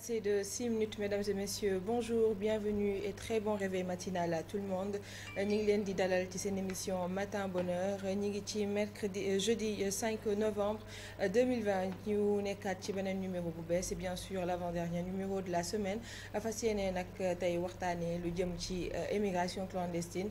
passé de 6 minutes mesdames et messieurs bonjour bienvenue et très bon réveil matinal à tout le monde euh, ñi ngi leen di dalal ci seen émission matin bonheur euh, ñi ngi ci mercredi euh, jeudi 5 novembre 2020 ñu nekkaat ci beneen numéro bu bees et bien sûr l'avant-dernier numéro de la semaine fas yéene nag tey waxtaanee lu jëm ci émigration clandestine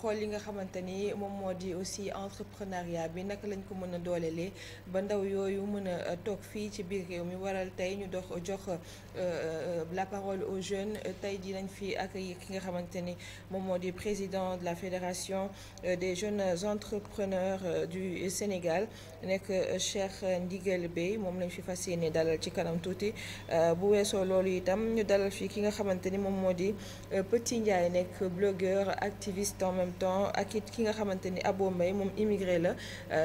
xool li nga xamante ni moom moo di aussi entrepreneuriat bi naka lañ ko mën a doolelee ba ndaw yooyu mën a toog fii ci biir réew mi waral tey ñu dox jox Euh, euh, la parole au jeunes euh, tey jii nañ fi accueillir ki nga xamante ni moom moo di président de la fédération des jeunes entrepreneurs du Sénégal nekk Cheikh Ndigal béy moom lañ fi fas yéene dalal ci kanam tuuti bu weesoo loolu itam ñu dalal fii ki nga xamante ni moom moo di Petit Ndiaye nekk blogueur activiste en même temps ak it ki nga xamante ni Abo Mbaye moom immigré la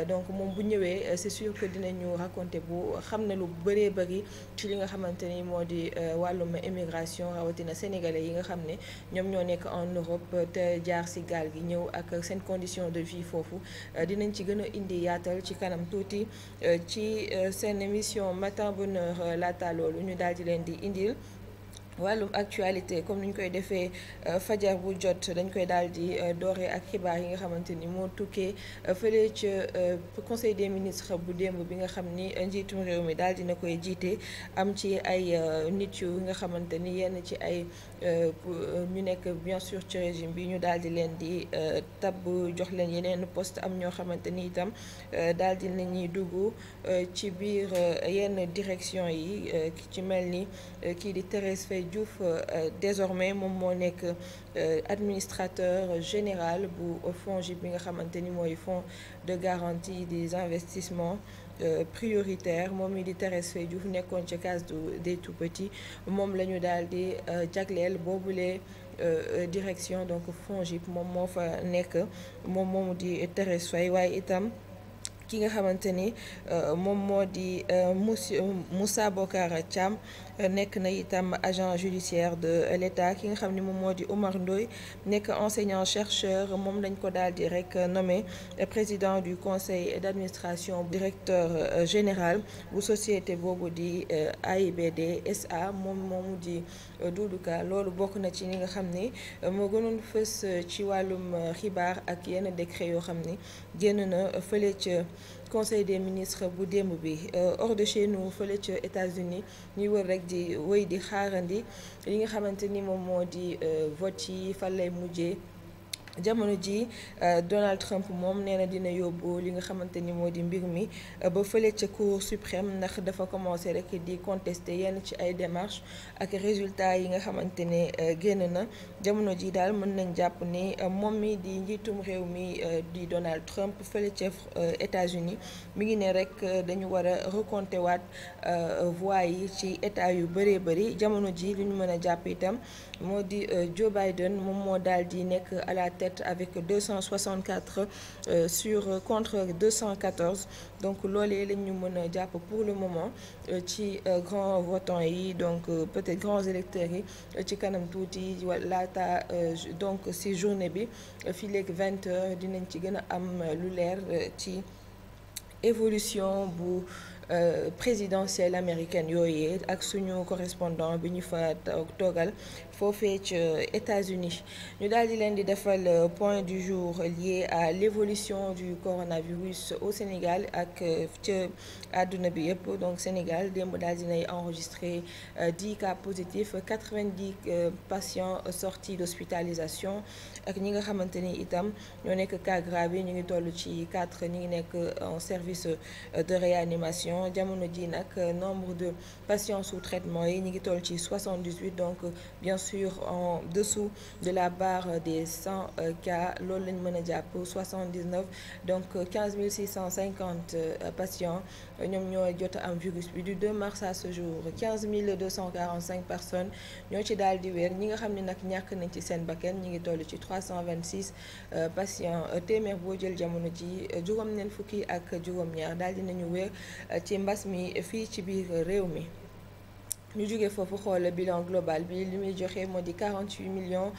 donc moom bu ñëwee c'est sûr que dinañu raconter bu xam ne lu bëree bëri ci li nga xamante di euh, wàllum immigration rawatina sénégalais yi nga xam ne ñoom ñoo nekk en Europe euh, te jaar ci gaal gi ñëw ak seen condition de vie foofu euh, dinañ ci gën a indi yaatal ci kanam tuuti ci seen émission matin bonheur laata loolu ñu daal di leen di indil. wàllum actualité comme ni ñu koy defee euh, fajar bu jot dañ koy daal di euh, doore ak xibaar yi nga xamante ni moo tukkee euh, fële ca conseil des ministres bu démb bi nga xam ni njiitum réew mi daal dina koy jiite am ci ay nit yu nga xamante ni yenn ci ay Euh, euh, ñu nekk bien sûr ci régime bi ñu daal di leen di euh, tab jox leen yeneen poste am ñoo xamante ni itam daal di nañuy dugg ci biir yenn direction yi ki ci mel ni kii di Thérèse Faye Diouf désormais moom moo nekk Euh, administrateur général bu FONGIP bi nga xamante ni mooy fons de garantie des investissements euh, prioritaires moom mi di Thérèse Faye Diouf nekkoon ci case des tout petits moom la ñu daal di euh, jagleel boobule direction donc FONGIP moom moo fa nekk moom moomu di Thérèse Faye waaye itam ki nga xamante ni moom moo di monsieur Moussa Bokar càmm Euh, nekk na itam agent judiciaire de l'État ki nga xam ne moom moo di Omar Ndoye nekk enseignant chercheur moom lañ ko daal di rek euh, nommé euh, président du conseil d'administration directeur général bu société boobu di AIBD SA moom moomu di Doudou loolu bokk na ci li nga xam ni moo gënoon fës ci wàllum xibaar ak yenn décret yoo xam ni génn na fële ca conseil des ministres bu démb bi euh, hors de chez nous fële ca États-Unis ñuy wër rek di wéy di xaarandi li nga xamante ni moom moo di euh, vote yi fan lay mujjee jamono ji euh, Donald Trump moom nee na dina yóbbu li nga xamante ni moo di mbir mi euh, ba fële ca cour suprême ndax dafa commencé rek di contester yenn ci ay démarche ak résultat yi nga xamante ne euh, génn na jamono ji daal mën nañ jàpp ni moom mi di njiitum réew mi di Donald Trump fële ca États-Unis mi ngi ne rek dañu war a recompter waat voix yi ci état yu bëree bëri jamono ji li ñu mën a jàpp itam moo di Joe Biden moom moo daal di nekk tête avec 264 euh, sur euh, contre 214 donc loolee la ñu mën a jàpp pour le moment euh, ci grands votants yi donc peut-être grands électeurs yi ci kanam tuuti laata donc si journée bi fii léegi 20 heures dinañ ci gën a am lu leer ci évolution bu Euh, présidentielle américaine yooyu ak suñu correspondant bi ñu fa toogal foofee ci États-Unis ñu daal di leen di defal euh, point du jour lié à l'évolution du coronavirus au Sénégal ak euh, ca àdduna bi yëpp donc Sénégal démb daal dinay enregistré dix cas positifs quatre-vingt-dix patients sortis d'hospitalisation ak ñi nga xamante ni itam ñoo nekk cas grave yi ñu ngi toll ci quatre ñi ngi nekk en service de réanimation patients jamono ji nag euh, nombre de patients sous traitement yi ñu ngi toll ci 78 donc euh, bien sûr en dessous de la bar des 100 euh, cas loolu lañ mën a jàpp 79 donc 15 650 patients ñoom ñooy jot am virus bi du 2 mars à ce jour 15 245 personnes ñoo ci daal di wér ñi nga xam ne nag ñàkk nañ ci seen bakkan ñi ngi toll ci 326 patients téeméer boo jël jamono ji juróom-ñeent fukki ak juróom-ñaar daal di nañu wér ci mbas mi fii ci biir réew mi ñu jógee foofu xool bilan global bi li muy joxe moo di 48 millions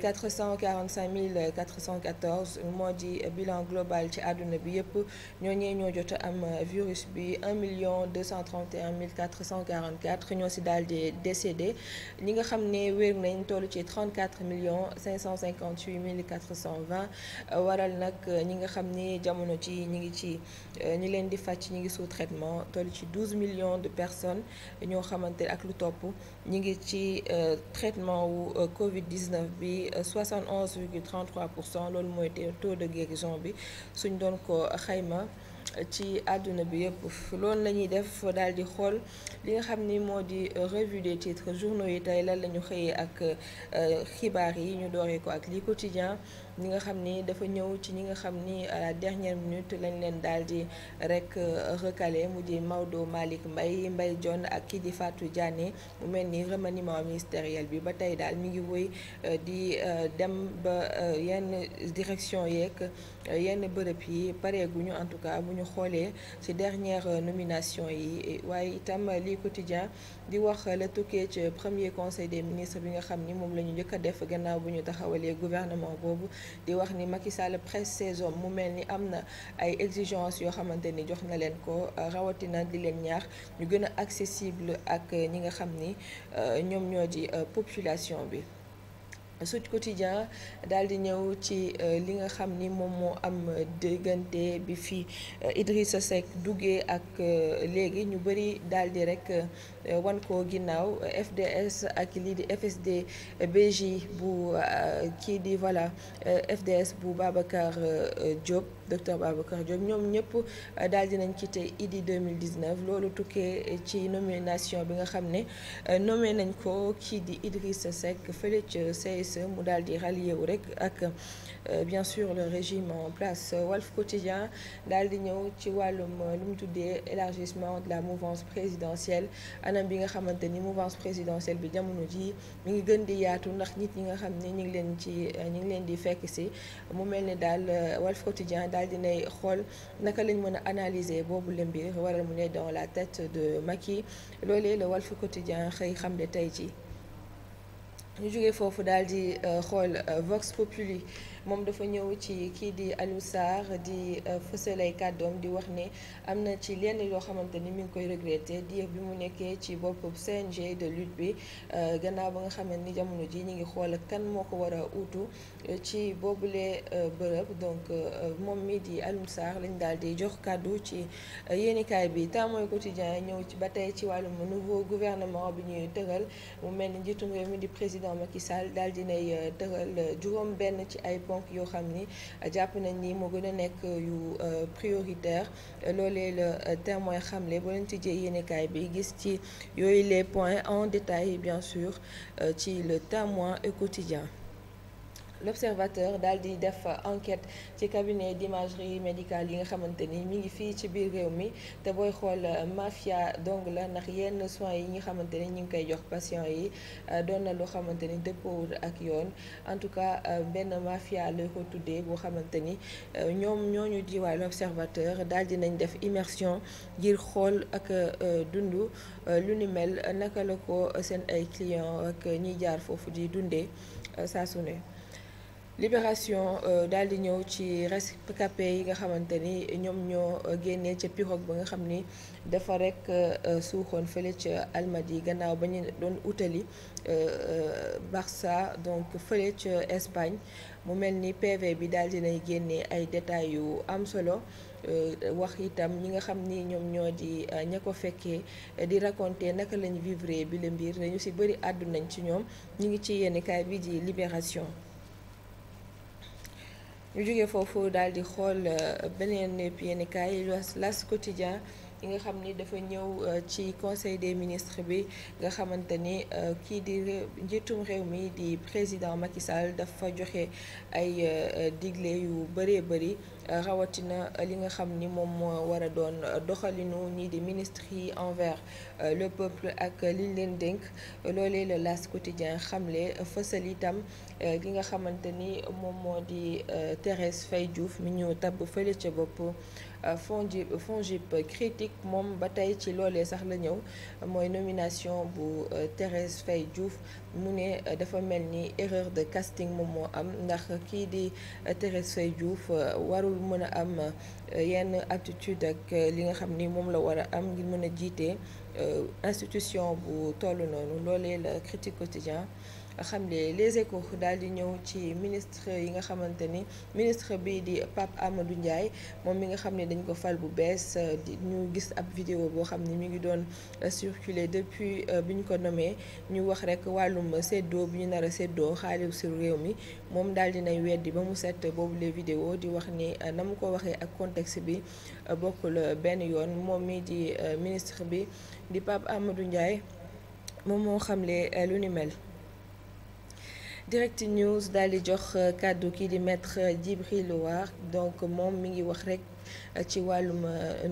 445 euh, mille 414 euh, moo di bilan global ci àdduna bi yëpp ñooñee ñoo jot am euh, virus bi 1 million 231 mille 444 ñoo si daal di décédé nga xam ne wér nañ toll ci 34 millions 558 mille 420 waral nag ñi nga xam ne jamono ci ñi ngi ci ñi leen di fàcc ñi ngi sous traitement toll ci 12 millions de personnes ñoo xamante lu topp ñi ngi ci euh, traitement wu euh, Covid 19 bi 71 euh, virgule 33 pour cent loolu mooy taux de guérison bi suñ doon ko xayma. ci àdduna bi yëpp loolu la ñuy def daal di xool li nga xam ni moo di revue des titres journaux yi tey lan lañu xëyee ak euh, xibaar yi ñu dooree ko ak li quotidien ñi nga xam ni dafa ñëw ci ñi nga xam ni à la dernière minute lañ leen daal di rek euh, recalé mu di Maodo Malick Mbaye mbay John ak kii di Fatou Diané mu mel ni remaniement ministériel bi ba tey daal mi ngi woy euh, di dem ba yenn direction yeeg yenn bërëb yi pareeguñu en tout cas bu ñu xoolee ci dernière euh, nomination yi waaye itam euh, lii quotidien di wax euh, la tukkee ci premier conseil des ministre bi nga xam ni moom la ñu njëkk a def gannaaw bu ñu taxawalee gouvernement boobu di wax ni Macky Sall presse ses hommes mu mel ni am na ay exigences yoo xamante ni jox na leen ko rawatina di leen ñaax ñu gën a accessible ak ñi nga xam ni ñoom ñoo ci population bi Sud Quotidien daal di ñëw ci euh, li nga xam ni moom moo am diggante bi fi euh, Idrissa Seck duggee ak euh, léegi ñu bëri daal di rek wan ko ginnaaw FDS ak lii di FSD BJ bu kii di voilà FDS bu Babacar Diop. docteur Babacar Diop ñoom ñëpp euh, daal dinañ quitté IDI 2019 loolu tukkee ci nomination bi nga xam ne euh, nommé nañ ko kii di Idrissa Seck fële ca e mu daal di rallié wu rek ak euh, bien sûr le régime en place Walf Quotidien daal di ñëw ci wàllum lu mu tuddee élargissement de la mouvance présidentielle anam bi nga xamante ni mouvance présidentielle bi jamono ji mi ngi gën di yaatu ndax nit ñi nga xam ne ñu ngi leen ci ñu ngi leen di fekk si mu mel ni daal Walf Quotidien daal dinay xool naka lañ mën a analyser boobu le mbir waral mu ne dans la tête de Macky loolee le Walf Quotidien xëy ne tey ci ñu jógee foofu daal di euh, xool euh, Vox Populi moom dafa ñëw ci kii di Aliou Sarr di euh, fësal ay kàddoom di wax ne am na ci lenn loo xamante ni mi ngi koy regretter diir bi mu nekkee ci bopp CNG de lutte bi euh, gannaaw ba nga xamante ni jamono ji ñu ngi xool kan moo ko war a uutu euh, ci boobule bërëb donc moom mi di Aliou Sarr lañ daal di jox kàddu ci yéenikaay bi Témoin Quotidien ñëw ci ba tey ci wàllu wàllum nouveau gouvernement bi ñuy tëral mu mel ni njiitum réew mi di président Macky Sall daal di nay tëral juróom benn ci ay ponk ponk yoo xam ni jàpp nañ ni moo gën a nekk yu euh, prioritaire loolee la euh, témoin xamle boo leen tijjee yéenekaay bi gis ci yooyu les point en détail bien sûr euh, ci le témoin et quotidien l'observateur daal di def enquête ci cabinet d'imagerie médicale yi nga xamante ni mi ngi fii ci biir réew mi te booy xool euh, mafia dong la ndax yenn soins yi nga xamante ni ñu ngi koy jox patient yi euh, doon na loo xamante ni dëppoowul ak yoon en tout cas euh, benn mafia lay ko tuddee boo xamante ni ñoom ñoo ñu waa l'observateur daal di nañ def immersion ngir xool ak dund lu ni mel naka la ko seen ay clients ak ñiy jaar foofu di dundee saa su Libération euh, daal di ñëw ci rescapé yi nga xamante ni ñoom ñoo euh, génnee ca pirogue ba nga xam ni dafa rek euh, suuxoon fële ca Almadi gannaaw ba ñu doon utali Barça donc fële ca Espagne mu mel ni PV bi daal di nay génnee ay détails yu am solo wax itam ñi nga xam ni ñoom ñoo di ña ko fekkee di raconter naka lañ vivre bi la mbir dañu si bëri àddu nañ ci ñoom ñu ngi ci yenn kaay bi di Libération. ñu jógee foofu daal di xool euh, beneen yéenekaay L'As Quotidien yi nga xam ni dafa ñëw euh, ci conseil des ministre bi nga xamante ni euh, kii di njiitum réew mi di président Macky Sall dafa joxe ay digle yu bëree bëri rawatina li nga xam ni moom moo war a doon doxalinu ñii di ministre yi envers le peuple ak liñ leen dénk loolee la L'As Quotidien xamle fësal itam li euh, nga xamante ni moom moo di euh, Thérèse Faye Diouf mi ñu tabb fële ca bopp euh, FONGIP FONGIP critique moom ba tey ci loolee sax la ñëw mooy nomination bu Thérèse fay Diouf mu ne dafa mel ni erreur de casting moom moo am ndax kii di Thérèse Faye Diouf warul mën a am yenn aptitude ak li nga xam ni moom la war a am ngir mën a jiite institution bu toll noonu loolee la critique quotidien xam xamle les échos daal di ñëw ci ministre yi nga xamante ni ministre bi di Pape Amadou Ndiaye moom mi nga xam ne dañ ko fal bu bees di ñu gis ab vidéo boo xam ne mi ngi doon euh, circuler depuis euh, bi ñu ko nommé ñu wax rek wàllum séddoo bi ñu nar a séddoo xaalisu réew mi moom daal di nay weddi ba mu set boobu les vidéo di wax ni euh, na mu ko waxee ak contexte bi bokkul benn yoon moom mi di ministre bi di Pape Amadou njaay moom moo xamle lu ni mel. direct news daal di jox euh, kàddu kii di maître euh, Djibril War donc moom mi ngi wax rek euh, ci wàllum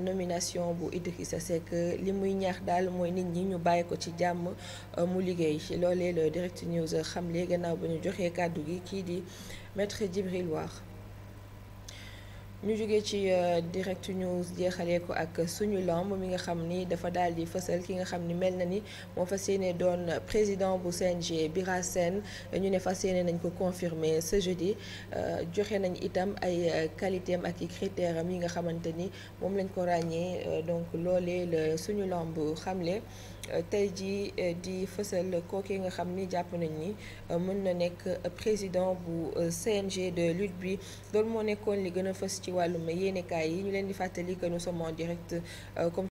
nomination bu Idrissa Seck li muy ñaax daal mooy nit ñi ñu bàyyi ko ci jàmm mu liggéey loolee la direct news xam le gannaaw ba ñu joxee kàddu gi kii di maître Djibril War ñu jóge ci euh, direct news jeexalee ko ak suñu lamb mi nga xam ni dafa daal di fësal ki nga xam ni mel na ni moo fas yéene doon président bu CNG Bira Sène ñu ne fas yéene nañ ko confirmer ce jeudi euh, joxe nañ itam ay euh, qualité am ak i critères yi nga xamante ni moom lañ ko ràññee donc loolee la suñu lamb xamle. tey jii di fësal kookee nga xam ni jàpp nañ ni mën na nekk président bu CNG de lutte bi loolu moo nekkoon li gën a fës ci wàllum yéenekaay yi ñu leen di fàttali que nous sommes en direct euh, comme